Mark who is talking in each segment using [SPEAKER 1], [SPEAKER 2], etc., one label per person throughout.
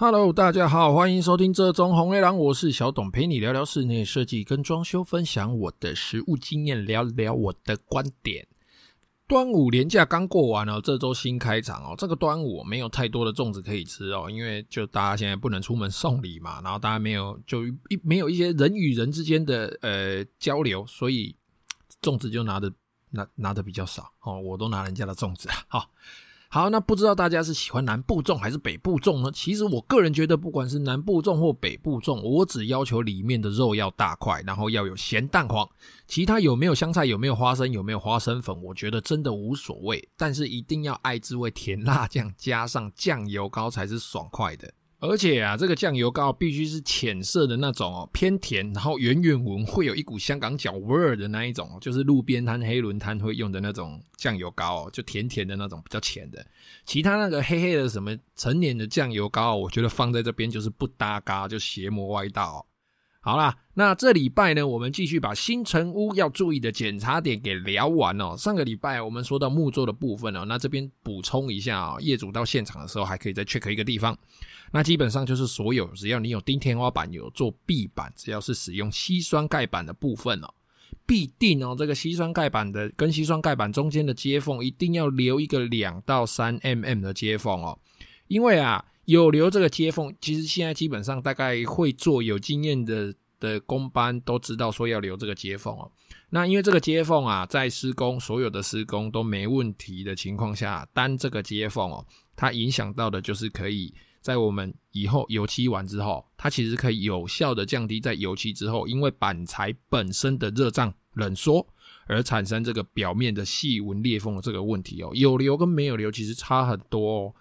[SPEAKER 1] Hello，大家好，歡迎收聽這週紅黑狼，我是小董，陪你聊聊室內設計跟裝修，分享我的實務經驗，聊聊我的觀點。端午連假剛過完哦，這週新開場哦。這個端午沒有太多的粽子可以吃哦，因為就大家現在不能出門送禮嘛，然後大家沒有就一沒有一些人與人之間的呃交流，所以粽子就拿的拿拿的比較少哦，我都拿人家的粽子啊，好、哦。好，那不知道大家是喜歡南部粽還是北部粽呢？其實我個人覺得，不管是南部粽或北部粽，我只要求裡面的肉要大塊，然後要有鹹蛋黃。其他有沒有香菜、有沒有花生、有沒有花生粉，我覺得真的無所謂。但是一定要愛之味甜辣醬加上醬油膏才是爽快的。而且啊，這個醬油膏必須是淺色的那種哦，偏甜，然後遠遠聞會有一股香港腳味的那一種，就是路邊攤、黑輪攤會用的那種醬油膏，就甜甜的那種，比較淺的。其他那個黑黑的什麼陳年的醬油膏，我覺得放在這邊就是不搭嘎，就邪魔歪道。好啦，那這禮拜呢，我們繼續把新成屋要注意的檢查點給聊完哦。上個禮拜我們說到木作的部分哦，那這邊補充一下啊、哦，業主到現場的時候還可以再 check 一個地方。那基本上就是所有只要你有釘天花板、有做壁板，只要是使用矽酸鈣板的部分哦，必定哦這個矽酸鈣板的跟矽酸鈣板中間的接縫一定要留一個兩到三 mm 的接縫哦，因為啊。有留這個接縫，其實現在基本上大概會做有經驗的的工班都知道說要留這個接縫哦。那因為這個接縫啊，在施工，所有的施工都沒問題的情況下，單這個接縫哦，它影響到的就是可以在我們以後油漆完之後，它其實可以有效地降低在油漆之後，因為板材本身的熱脹冷縮而產生這個表面的細紋裂縫的這個問題哦。有留跟沒有留其實差很多哦，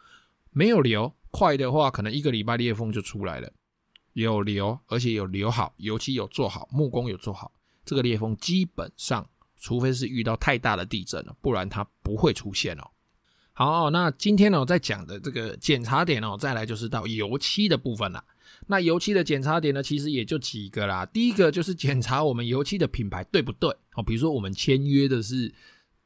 [SPEAKER 1] 沒有留。快的話，可能一個禮拜裂縫就出來了。有留，而且有留好，油漆有做好，木工有做好，這個裂縫基本上，除非是遇到太大的地震了，不然它不會出現哦。好哦，那今天呢、哦，我在講的這個檢查點哦，再來就是到油漆的部分啦。那油漆的檢查點呢，其實也就幾個啦。第一個就是檢查我們油漆的品牌對不對哦，比如說我們簽約的是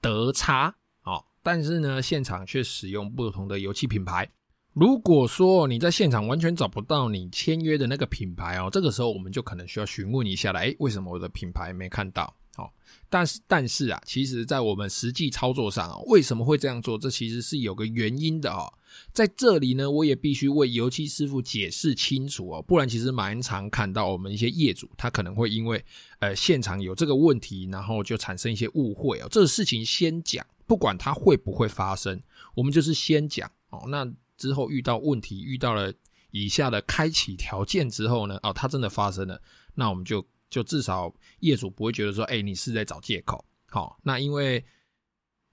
[SPEAKER 1] 德差哦，但是呢，現場卻使用不同的油漆品牌。如果說你在現場完全找不到你簽約的那個品牌哦，這個時候我們就可能需要詢問一下了。誒，為什麼我的品牌沒看到？哦，但是但是啊,其實在我們實際操作上哦，為什麼會這樣做？這其實是有個原因的哦。在這裡呢，我也必須為油漆師傅解釋清楚哦，不然其實蠻常看到我們一些業主，他可能會因為呃現場有這個問題，然後就產生一些誤會哦。這個事情先講，不管它會不會發生，我們就是先講哦。那之後遇到問題，遇到了以下的開啟條件之後呢，哦，它真的發生了，那我們就就至少業主不會覺得說，哎、欸，你是在找借口。好、哦，那因為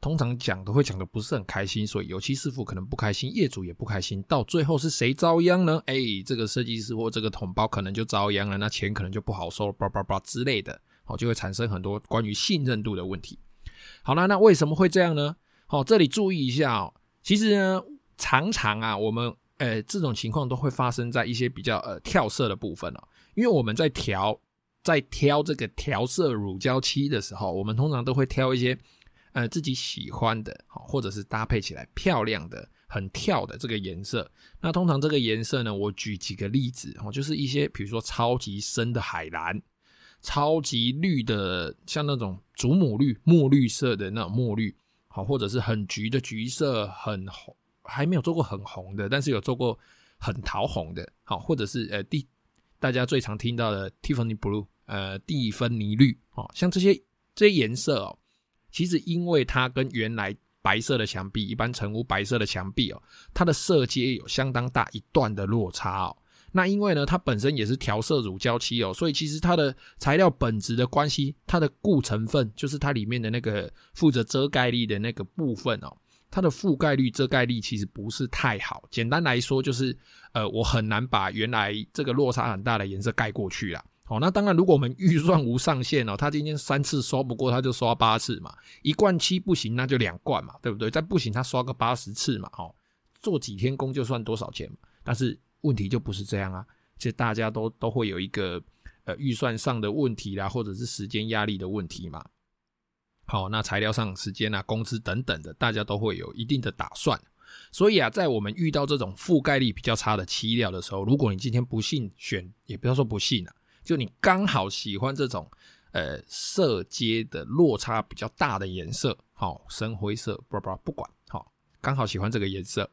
[SPEAKER 1] 通常講都會講的不是很開心，所以油漆師傅可能不開心，業主也不開心，到最後是誰遭殃呢？哎、欸，這個設計師或這個統包可能就遭殃了，那錢可能就不好收，叭叭叭之類的，好、哦，就會產生很多關於信任度的問題。好了，那為什麼會這樣呢？好、哦，這裡注意一下哦，其實呢。常常啊，我們呃這種情況都會發生在一些比較呃跳色的部分哦。因為我們在調在挑這個調色乳膠漆的時候，我們通常都會挑一些呃自己喜歡的，或者是搭配起來漂亮的、很跳的這個顏色。那通常這個顏色呢，我舉幾個例子哦，就是一些比如說超級深的海藍、超級綠的，像那種祖母綠、墨綠色的那種墨綠，好或者是很橘的橘色、很紅。還沒有做過很紅的，但是有做過很桃紅的，好，或者是呃，蒂大家最常聽到的 Tiffany Blue，呃，蒂芬尼綠，哦，像這些這些顏色哦、喔，其實因為它跟原來白色的牆壁，一般成屋白色的牆壁哦、喔，它的色階有相當大一段的落差哦、喔。那因為呢，它本身也是調色乳膠漆哦、喔，所以其實它的材料本質的關係，它的固成分就是它裡面的那個負責遮蓋力的那個部分哦、喔。它的覆蓋率、遮蓋率其實不是太好。簡單來說，就是呃，我很難把原來這個落差很大的顏色蓋過去啦。哦，那當然，如果我們預算無上限哦，它今天三次刷不過，它就刷八次嘛。一罐漆不行，那就兩罐嘛，對不對？再不行，它刷個八十次嘛。哦，做幾天工就算多少錢嘛。但是問題就不是這樣啊，其實大家都都會有一個呃預算上的問題啦，或者是時間壓力的問題嘛。好、哦，那材料上時間啊，工資等等的，大家都會有一定的打算。所以啊，在我們遇到這種覆蓋力比較差的漆料的時候，如果你今天不幸選，也不要說不幸了、啊，就你剛好喜歡這種呃色階的落差比較大的顏色，好、哦，深灰色，不不不管，好、哦，剛好喜歡這個顏色，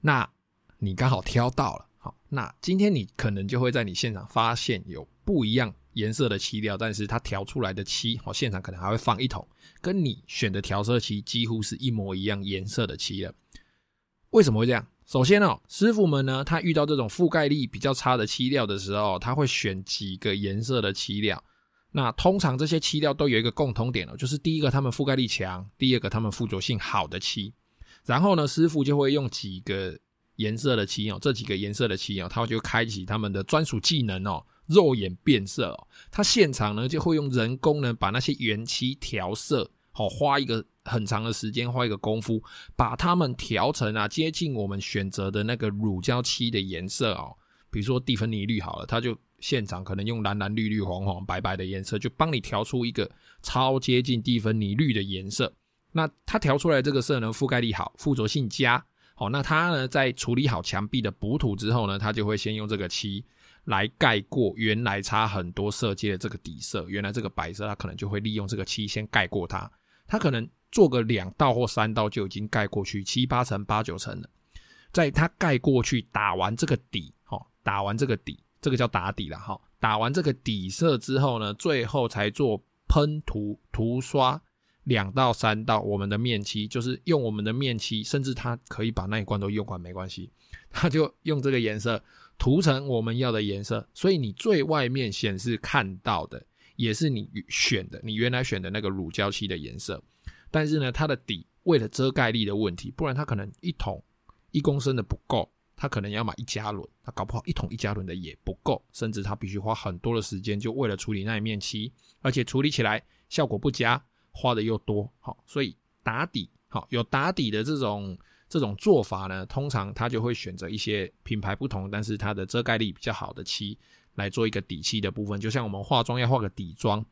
[SPEAKER 1] 那你剛好挑到了，好、哦，那今天你可能就會在你現場發現有不一樣。顏色的漆料，但是它調出來的漆，我、哦、現場可能還會放一桶，跟你選的調色漆幾乎是一模一樣顏色的漆了。為什麼會這樣？首先哦，師傅們呢，他遇到這種覆蓋力比較差的漆料的時候，他會選幾個顏色的漆料。那通常這些漆料都有一個共同點哦，就是第一個他們覆蓋力強，第二個他們附着性好的漆。然後呢，師傅就會用幾個顏色的漆哦，這幾個顏色的漆哦，他就開啟他們的專屬技能哦。肉眼變色哦，他現場呢就會用人工呢把那些原漆調色，好、哦、花一個很長的時間，花一個功夫把它們調成啊接近我們選擇的那個乳膠漆的顏色哦，比如說蒂芬尼綠好了，它就現場可能用藍藍綠綠黃黃白白的顏色就幫你調出一個超接近蒂芬尼綠的顏色。那它調出來這個色呢，覆蓋力好，附着性佳，好、哦、那它呢在處理好牆壁的補土之後呢，它就會先用這個漆。來蓋過原來差很多色階的這個底色，原來這個白色，它可能就會利用這個漆先蓋過它，它可能做個兩道或三道就已經蓋過去七八層八九層了，在它蓋過去打完這個底，好，打完這個底，這個叫打底了哈，打完這個底色之後呢，最後才做噴塗塗刷兩到三道，我們的面漆就是用我們的面漆，甚至它可以把那一罐都用完沒關係，它就用這個顏色。塗層我們要的顏色，所以你最外面顯示看到的也是你選的，你原來選的那個乳膠漆的顏色。但是呢，它的底為了遮蓋力的問題，不然它可能一桶一公升的不夠，它可能要買一加侖，它搞不好一桶一加侖的也不夠，甚至它必須花很多的時間，就為了處理那一面漆，而且處理起來效果不佳，花的又多。好、哦，所以打底好、哦、有打底的這種。這種做法呢，通常他就會選擇一些品牌不同，但是它的遮蓋力比較好的漆來做一個底漆的部分。就像我們化妝要化個底妝，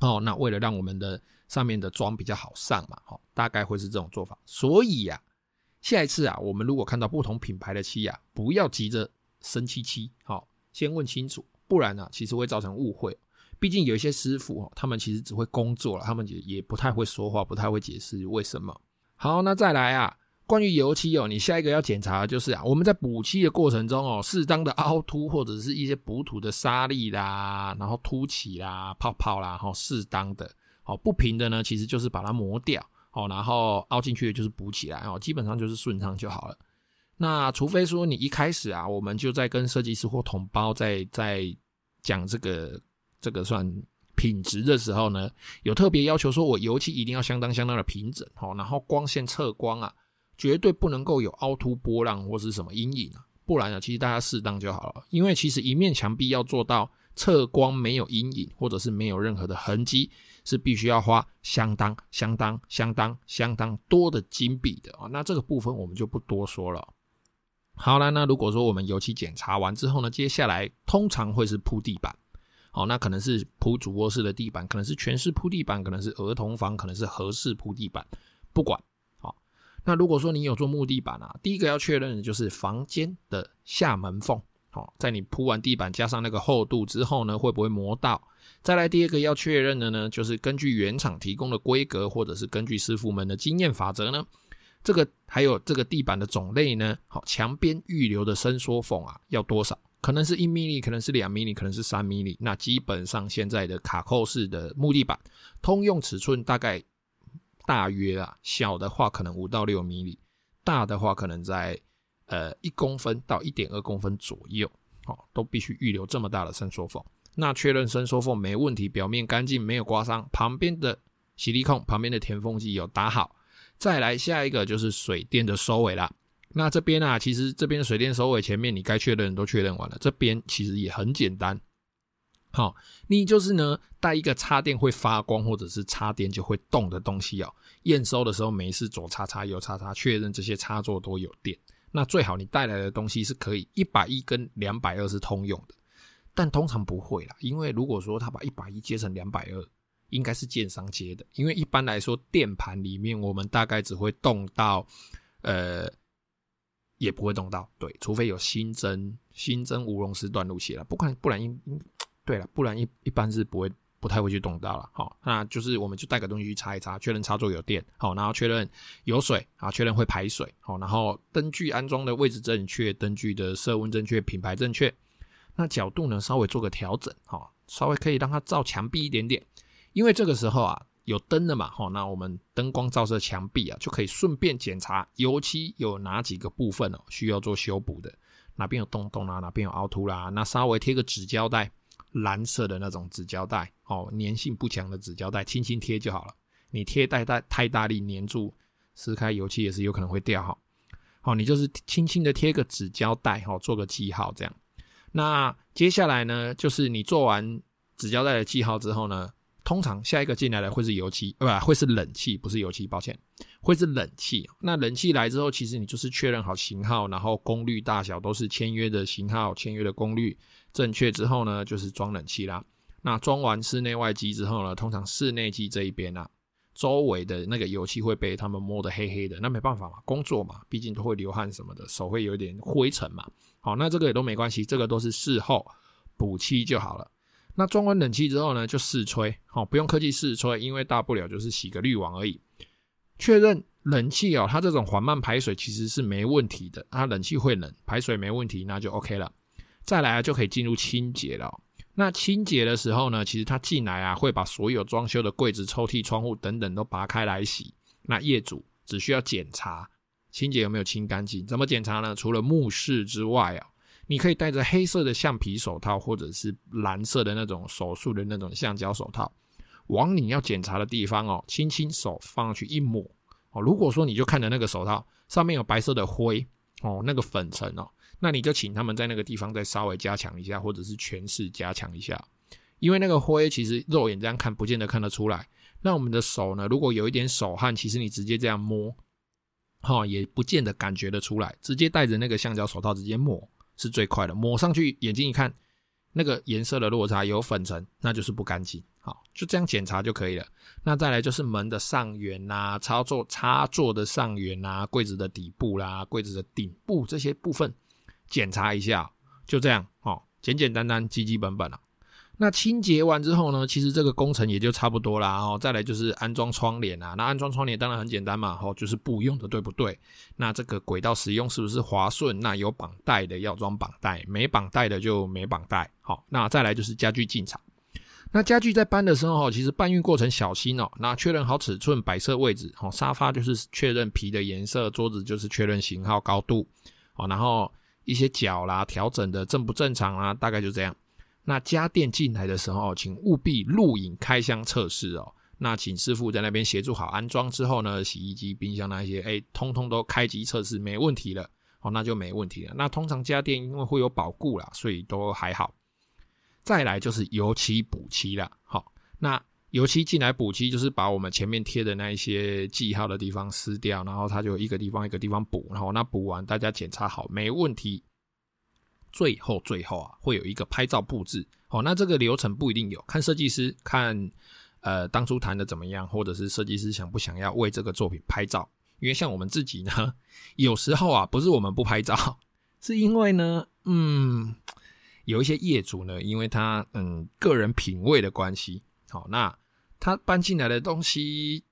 [SPEAKER 1] 哦，那為了讓我們的上面的妝比較好上嘛，哈、哦，大概會是這種做法。所以呀、啊，下一次啊，我們如果看到不同品牌的漆啊，不要急着生氣氣，好、哦，先問清楚，不然呢、啊，其實會造成誤會。畢竟有一些師傅，他們其實只會工作了，他們也也不太會說話，不太會解釋為什麼。好，那再來啊。關於油漆哦，你下一個要檢查的就是啊，我們在補漆的過程中哦，適當的凹凸或者是一些補土的沙粒啦，然後凸起啦、泡泡啦，哦，適當的哦不平的呢，其實就是把它磨掉哦，然後凹進去的就是補起來哦，基本上就是順暢就好了。那除非說你一開始啊，我們就在跟設計師或統包在在講這個這個算品質的時候呢，有特別要求說，我油漆一定要相當相當的平整哦，然後光線側光啊。絕對不能夠有凹凸波浪或是什麼陰影啊，不然呢，其實大家適當就好了。因為其實一面牆壁要做到側光沒有陰影或者是沒有任何的痕跡，是必須要花相當相當相當相當多的金幣的啊、哦。那這個部分我們就不多說了、哦。好了，那如果說我們油漆檢查完之後呢，接下來通常會是鋪地板、哦。好，那可能是鋪主臥室的地板，可能是全室鋪地板，可能是兒童房，可能是和室鋪地板，不管。那如果說你有做木地板啊，第一個要確認的就是房間的下門縫，好、哦，在你鋪完地板加上那個厚度之後呢，會不會磨到？再來第二個要確認的呢，就是根據原廠提供的規格，或者是根據師傅們的經驗法則呢，這個還有這個地板的種類呢，好、哦，牆邊預留的伸縮縫啊要多少？可能是一釐米，可能是兩釐米，可能是三厘米。那基本上現在的卡扣式的木地板通用尺寸大概。大約啊，小的話可能五到六米米，大的話可能在呃一公分到一點二公分左右，好、哦，都必須預留這麼大的伸縮縫。那確認伸縮縫沒問題，表面乾淨，沒有刮傷，旁邊的矽利康，旁邊的填縫劑有打好，再來下一個就是水電的收尾啦。那這邊啊，其實這邊水電收尾前面你該確認的都確認完了，這邊其實也很簡單。好、哦，你就是呢帶一個插電會發光或者是插電就會動的東西哦。驗收的時候沒事左插插，右插插，確認這些插座都有電。那最好你帶來的東西是可以一百一跟兩百二是通用的，但通常不會啦，因為如果說他把一百一接成兩百二，應該是建商接的，因為一般來說電盤裡面我們大概只會動到，呃，也不會動到對，除非有新增新增無熔絲斷路線了，不管不然應。對了，不然一一般是不會不太會去動到了，好、哦，那就是我們就帶個東西去插一插，確認插座有電，好、哦，然後確認有水啊，確認會排水，好、哦，然後燈具安裝的位置正確，燈具的色溫正確，品牌正確，那角度呢稍微做個調整，好、哦，稍微可以讓它照牆壁一點點，因為這個時候啊有燈了嘛，好、哦，那我們燈光照射牆壁啊就可以順便檢查油漆有哪幾個部分哦需要做修補的，哪邊有洞洞啦，哪邊有凹凸啦、啊啊，那稍微貼個紙膠帶。藍色的那種紙膠帶哦，粘性不強的紙膠帶，輕輕貼就好了。你貼帶帶太大力，粘住撕開油漆也是有可能會掉哈。好，你就是輕輕的貼個紙膠帶哈，做個記號這樣。那接下來呢，就是你做完紙膠帶的記號之後呢，通常下一個進來的會是油漆，不是、啊、會是冷氣，不是油漆，抱歉，會是冷氣。那冷氣來之後，其實你就是確認好型號，然後功率大小都是簽約的型號，簽約的功率。正確之後呢，就是裝冷氣啦。那裝完室內外機之後呢，通常室內機這一邊啊，周圍的那個油漆會被他們摸得黑黑的。那沒辦法嘛，工作嘛，畢竟都會流汗什麼的，手會有點灰塵嘛。好，那這個也都沒關係，這個都是事後補漆就好了。那裝完冷氣之後呢，就試吹，好，哦，不用客氣試吹，因為大不了就是洗個濾網而已。確認冷氣哦，它這種緩慢排水其實是沒問題的。它冷氣會冷，排水沒問題，那就 OK 了。再來啊，就可以進入清潔了哦。那清潔的時候呢，其實他進來啊，會把所有裝修的櫃子、抽屜、窗戶等等都拔開來洗。那業主只需要檢查清潔有沒有清乾淨。怎麼檢查呢？除了目視之外啊，你可以戴着黑色的橡皮手套，或者是藍色的那種手術的那種橡膠手套，往你要檢查的地方哦，輕輕手放上去一抹哦。如果說你就看着那個手套上面有白色的灰哦，那個粉塵哦。那你就請他們在那個地方再稍微加強一下，或者是全室加強一下，因為那個灰其實肉眼這樣看，不見得看得出來。那我們的手呢，如果有一點手汗，其實你直接這樣摸，哈，也不見得感覺得出來。直接戴着那個橡膠手套直接抹，是最快的。抹上去，眼睛一看，那個顏色的落差有粉塵，那就是不乾淨。好，就這樣檢查就可以了。那再來就是門的上緣吶，操作插座的上緣吶，櫃子的底部啦，櫃子的頂部這些部分。檢查一下，就這樣哦，簡簡單單，基基本本了、啊。那清潔完之後呢，其實這個工程也就差不多啦。然、哦、後再來就是安裝窗簾啊。那安裝窗簾當然很簡單嘛，吼、哦，就是布用的對不對？那這個軌道使用是不是滑順？那有綁帶的要裝綁帶，沒綁帶的就沒綁帶。好、哦，那再來就是家具進場。那家具在搬的時候，其實搬運過程小心哦。那確認好尺寸、擺設位置。哦，沙發就是確認皮的顏色，桌子就是確認型號、高度。哦，然後。一些腳啦，調整的正不正常啊？大概就這樣。那家電進來的時候，請務必錄影開箱測試哦。那請師傅在那邊協助好安裝之後呢，洗衣機、冰箱那些，哎、欸，通通都開機測試沒問題了，哦，那就沒問題了。那通常家電因為會有保固啦，所以都還好。再來就是油漆補漆啦。好、哦，那。油漆進來補漆，就是把我們前面貼的那一些記號的地方撕掉，然後他就一個地方一個地方補，然後那補完大家檢查好沒問題，最後最後啊會有一個拍照布置。好，那這個流程不一定有，看設計師看呃當初談的怎麼樣，或者是設計師想不想要為這個作品拍照。因為像我們自己呢，有時候啊不是我們不拍照，是因為呢嗯有一些業主呢，因為他嗯個人品味的關係。好，那他搬進來的東西，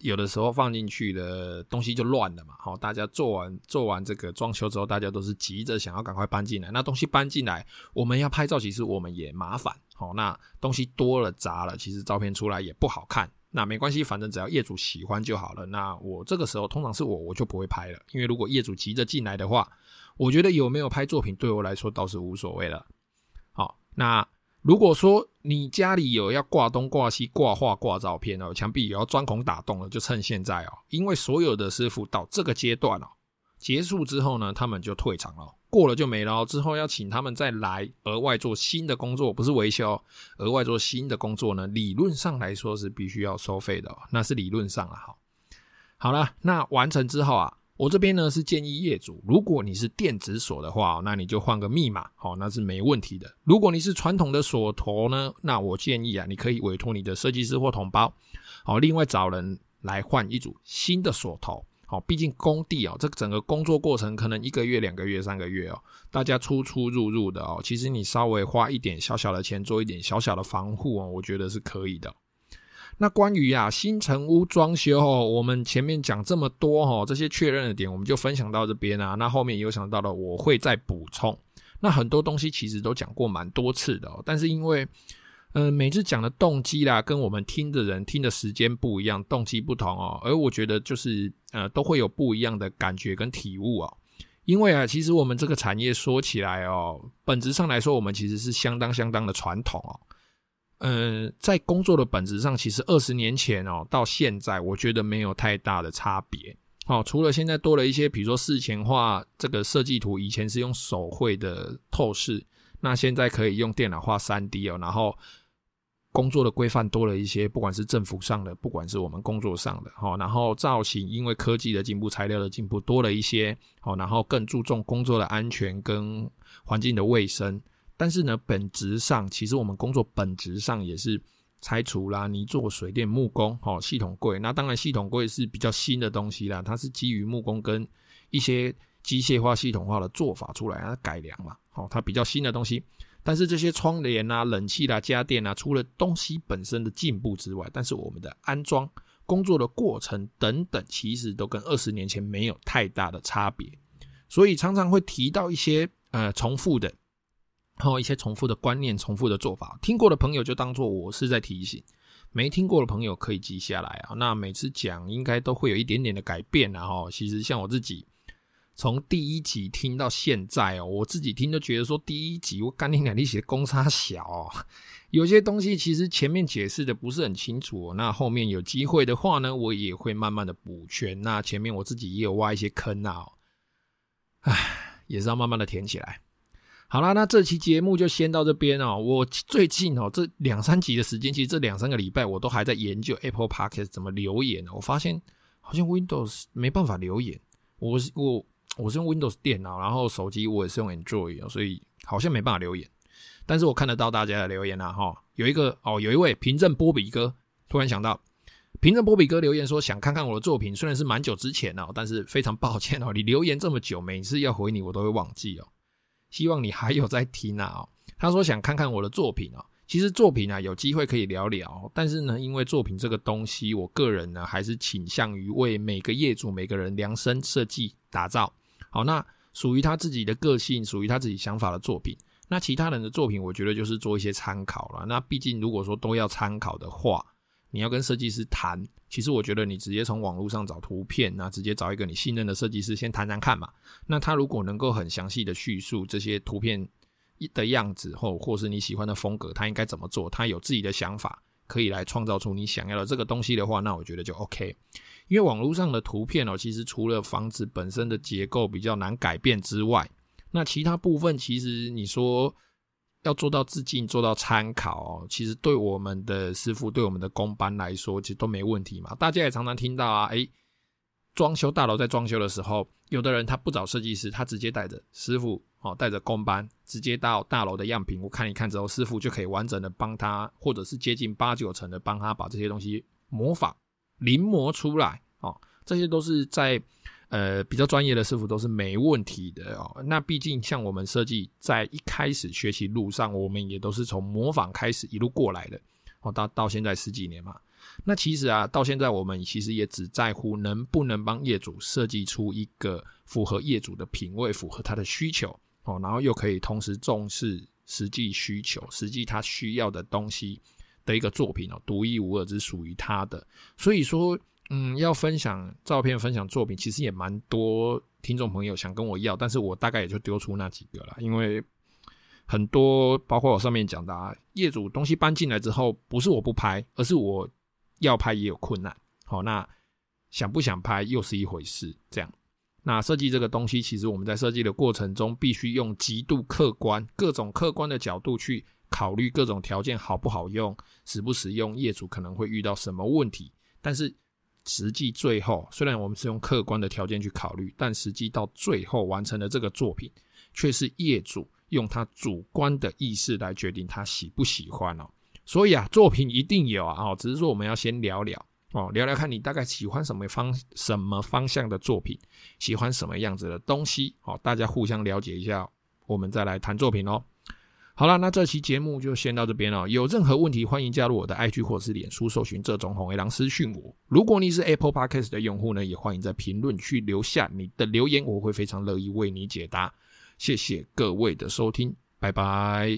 [SPEAKER 1] 有的時候放進去的東西就亂了嘛。好，大家做完做完這個裝修之後，大家都是急着想要趕快搬進來。那東西搬進來，我們要拍照，其實我們也麻煩。好，那東西多了雜了，其實照片出來也不好看。那沒關係，反正只要業主喜歡就好了。那我這個時候通常是我，我就不會拍了，因為如果業主急着進來的話，我覺得有沒有拍作品對我來說倒是無所謂了。好，那。如果說你家裡有要掛東掛西、掛畫、掛照片哦，牆壁有要鑽孔打洞了，就趁現在哦，因為所有的師傅到這個階段哦，結束之後呢，他們就退場了哦，過了就沒了哦。之後要請他們再來額外做新的工作，不是維修，額外做新的工作呢，理論上來說是必須要收費的哦，那是理論上啊哦。好，好了，那完成之後啊。我這邊呢是建議業主，如果你是電子鎖的話、哦，那你就換個密碼，好、哦，那是沒問題的。如果你是傳統的鎖頭呢，那我建議啊，你可以委托你的設計師或統包，好、哦，另外找人來換一組新的鎖頭，好、哦，畢竟工地啊、哦，這個整個工作過程可能一個月、兩個月、三個月哦，大家出出入入的哦，其實你稍微花一點小小的錢做一點小小的防護哦，我覺得是可以的。那關於啊，新成屋裝修哦，我們前面講這麼多哦，這些確認的點我們就分享到這邊啊。那後面也有想到的，我會再補充。那很多東西其實都講過蠻多次的哦，但是因為，嗯、呃，每次講的動機啦，跟我們聽的人聽的時間不一樣，動機不同哦，而我覺得就是呃，都會有不一樣的感覺跟體悟哦。因為啊，其實我們這個產業說起來哦，本質上來說，我們其實是相當相當的傳統哦。呃、嗯，在工作的本質上，其實二十年前哦到現在，我覺得沒有太大的差別。哦，除了現在多了一些，比如說事前畫這個設計圖，以前是用手繪的透視，那現在可以用電腦畫三 D 哦。然後工作的規範多了一些，不管是政府上的，不管是我們工作上的，好、哦，然後造型因為科技的進步、材料的進步，多了一些。好、哦，然後更注重工作的安全跟環境的衛生。但是呢，本質上其實我們工作本質上也是拆除啦。你做水電木工，好、哦、系統櫃，那當然系統櫃是比較新的東西啦。它是基於木工跟一些機械化、系統化的做法出來，它改良嘛，好、哦，它比較新的東西。但是這些窗簾啊、冷氣啦、啊、家電啊，除了東西本身的進步之外，但是我們的安裝工作的過程等等，其實都跟二十年前沒有太大的差別。所以常常會提到一些呃重複的。然、哦、後一些重複的觀念、重複的做法，聽過的朋友就當做我是在提醒；沒聽過的朋友可以記下來啊。那每次講應該都會有一點點的改變啊哈、哦，其實像我自己，從第一集聽到現在哦，我自己聽都覺得說第一集我剛聽感力寫的功差小、哦，有些東西其實前面解釋的不是很清楚、哦。那後面有機會的話呢，我也會慢慢的補全。那前面我自己也有挖一些坑啊、哦，唉，也是要慢慢的填起來。好啦，那這期節目就先到這邊哦。我最近哦這兩三集的時間，其實這兩三個禮拜我都還在研究 Apple Podcast 怎麼留言哦。我發現好像 Windows 沒辦法留言，我我我是用 Windows 電腦，然後手機我也是用 Android，所以好像沒辦法留言。但是我看得到大家的留言吶、啊、哈，有一個哦，有一位憑證波比哥突然想到，憑證波比哥留言說想看看我的作品，雖然是蠻久之前哦，但是非常抱歉哦，你留言這麼久，每次要回你我都會忘記哦。希望你還有在聽啊哦！他說想看看我的作品啊哦，其實作品啊有機會可以聊聊，但是呢，因為作品這個東西，我個人呢還是傾向於為每個業主每個人量身設計打造，好，那屬於他自己的個性，屬於他自己想法的作品。那其他人的作品，我覺得就是做一些參考了。那畢竟如果說都要參考的話，你要跟設計師談，其實我覺得你直接從網絡上找圖片，那直接找一個你信任的設計師先談談看嘛。那他如果能夠很詳細的敘述這些圖片一的樣子或或是你喜歡的風格，他應該怎麼做，他有自己的想法可以來創造出你想要的這個東西的話，那我覺得就 OK。因為網絡上的圖片哦，其實除了房子本身的結構比較難改變之外，那其他部分其實你說。要做到致敬，做到參考、哦，其實對我們的師傅，對我們的工班來說，其實都沒問題嘛。大家也常常聽到啊，哎，裝修大樓在裝修的時候，有的人他不找設計師，他直接帶着師傅哦，帶着工班，直接到大樓的樣品屋看一看之後，師傅就可以完整的幫他，或者是接近八九成的幫他把這些東西模仿、臨摹出來哦，這些都是在。呃，比較專業的師傅都是沒問題的哦。那畢竟像我們設計，在一開始學習路上，我們也都是從模仿開始一路過來的、哦、到到現在十幾年嘛，那其實啊，到現在我們其實也只在乎能不能幫業主設計出一個符合業主的品味、符合他的需求、哦、然後又可以同時重視實際需求、實際他需要的東西的一個作品哦，獨一無二，是屬於他的。所以說。嗯，要分享照片、分享作品，其實也蠻多聽眾朋友想跟我要，但是我大概也就丟出那幾個了，因為很多，包括我上面講的啊，業主東西搬進來之後，不是我不拍，而是我要拍也有困難。好、哦，那想不想拍又是一回事。這樣，那設計這個東西，其實我們在設計的過程中，必須用極度客觀、各種客觀的角度去考慮各種條件好不好用、使不使用，業主可能會遇到什麼問題，但是。實際最後，雖然我們是用客觀的條件去考慮，但實際到最後完成的這個作品，卻是業主用他主觀的意識來決定他喜不喜歡哦。所以啊，作品一定有啊，只是說我們要先聊聊哦，聊聊看你大概喜歡什麼方，什麼方向的作品，喜歡什麼樣子的東西，大家互相了解一下，我們再來談作品哦。好了，那這期節目就先到這邊了哦。有任何問題，歡迎加入我的 IG 或是臉書，搜尋“做裝潢的人”私訊我。如果你是 Apple Podcast 的用戶呢，也歡迎在評論區留下你的留言，我會非常樂意為你解答。謝謝各位的收聽，拜拜。